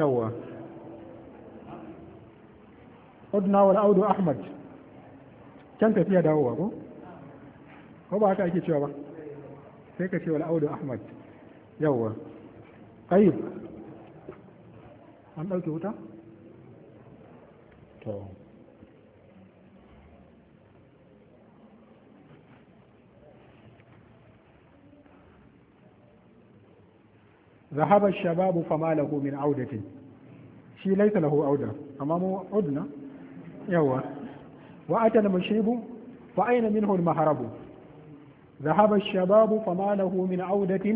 yawwa udna wa audu ahmad can tafiya dawowa ko ko ba haka ake cewa ba sai ka ce wa audu ahmad yawwa tayyib an ɗauke wuta to ذهب الشباب فما له من عودة شي ليس له عودة أمامه عدنا يوه وأتى المشرب فأين منه المهرب ذهب الشباب فما له من عودة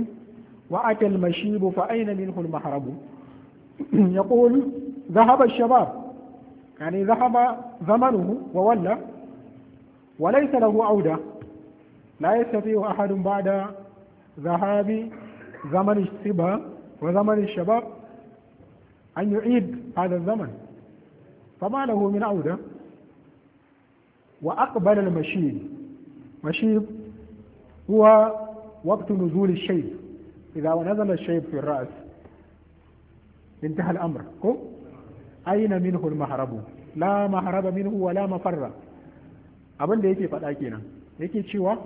وأتى المشيب فأين منه المهرب يقول ذهب الشباب يعني ذهب زمنه وولى وليس له عودة لا يستطيع أحد بعد ذهاب زمن الشبه وزمن الشباب أن يعيد هذا الزمن فما له من عودة وأقبل المشيب مشيب هو وقت نزول الشيب إذا نزل الشيب في الرأس انتهى الأمر أين منه المهرب لا مهرب منه ولا مفر أبن da فتاكينا faɗa شوى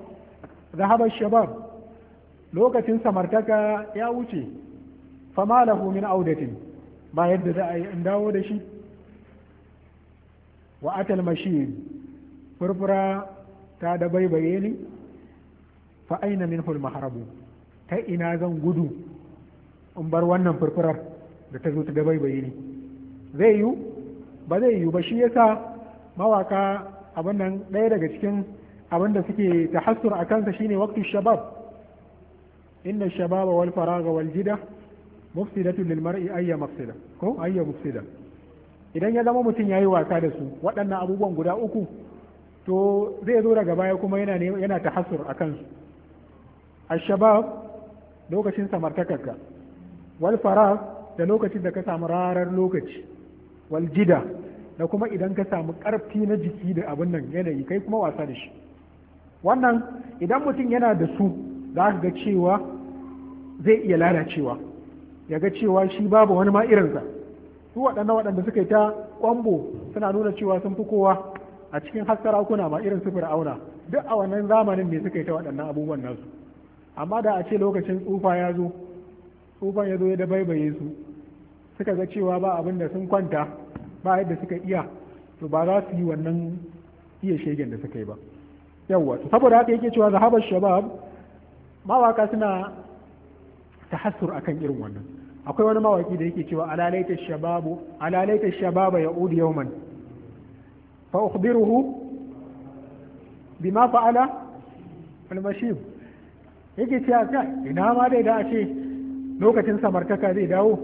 ذهب الشباب lokacin samartaka ya wuce fama lahu min audatin ba yadda za a yi in dawo da shi wa atal mashin furfura ta da baibaye ni fa aina min maharabu ta ina zan gudu in bar wannan furfurar da ta zo ta da baibaye ni zai yi ba zai yiwu ba shi yasa mawaka abin nan ɗaya daga cikin abin da suke tahassur a kansa shine waktu shabab inna shababa wal faraga wal jida mufsidatu lil mar'i ayya mafsida idan ya zama mutum ya yi wasa da su waɗannan abubuwan guda uku to zai zo daga baya kuma yana yana tahassur akan su ashabab lokacin samartakarka wal farag da lokacin da ka samu rarar lokaci waljida jida da kuma idan ka samu karfi na jiki da abin nan yanayi kai kuma wasa da shi wannan idan mutum yana da su za ga cewa zai iya lalacewa ya ga cewa shi babu wani ma irinsa su waɗanda waɗanda suka yi ta kwambo suna nuna cewa sun fi kowa a cikin hassarakuna ma irin su fir'auna duk a wannan zamanin ne suka yi ta waɗannan abubuwan nasu amma da a ce lokacin tsufa ya zo tsufan ya zo ya dabaibaye su suka ga cewa ba abin da sun kwanta ba yadda suka iya to ba za su yi wannan iya shegen da suka yi ba yawwa saboda haka yake cewa zahabar shabab mawaka suna tahassur akan irin wannan akwai wani mawaki da yake cewa alalaita shababu alalaita shababa ya yau man. fa ukhbiruhu bima fa'ala al-mashib yake cewa ka ina ma dai da a ce lokacin samartaka zai dawo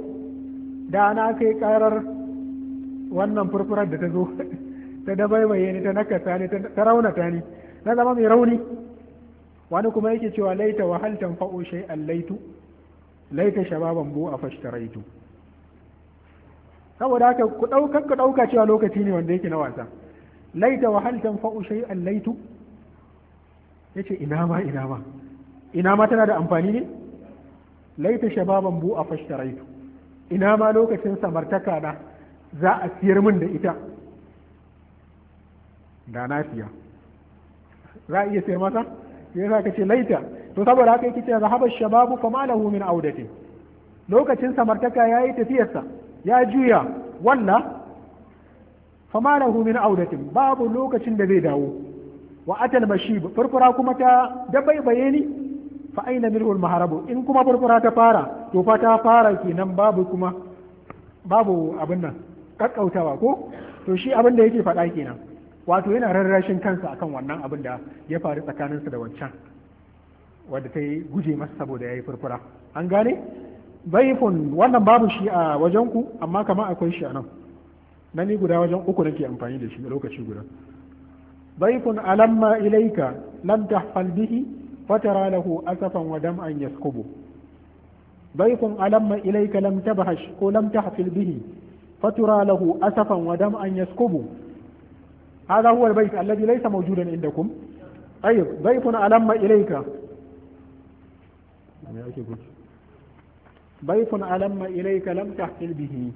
da na kai karar wannan furfurar da ta zo ta dabaibaye ni ta nakasa ni ta raunata ni na zama mai rauni wani kuma yake cewa laita wa fa'o shai an laitu laita shababan bu a fashtaraitu saboda haka ku ɗauka ku ɗauka cewa lokaci ne wanda yake na wasa laita wa fa'o shai an laitu yace ina ma ina ma ina ma tana da amfani ne laita shababan bu a fashtaraitu ina ma lokacin samartaka na za a siyar min da ita da na siya za a iya siyar masa yasa ce laita to saboda haka yake cewa zahaba shababu fa malahu min lokacin samartaka yayi tafiyarsa ya juya walla fa malahu min audatin babu lokacin da zai dawo wa atal mashib furfura kuma ta bai bayani fa aina minhu al maharabu in kuma furfura ta fara to fa ta fara kenan babu kuma babu abin nan kakkautawa ko to shi abin da yake faɗa kenan wato yana rarrashin kansa akan wannan abin da ya faru tsakaninsa da wancan wadda ta yi guje masa saboda ya yi furfura an gane baifun wannan babu shi a wajen ku amma kama akwai shi a nan Nan ni guda wajen uku nake amfani da shi a lokaci guda baifun alamma ilaika lam tahfal bihi fatara lahu asafan wa dam'an yaskubu baifun alamma ilaika lam tabhash ko lam tahfil bihi fatara lahu asafan wa dam'an yaskubu هذا هو البيت الذي ليس موجودا عندكم طيب بيت ألم إليك بيت يعني ألم إليك لم تحتل به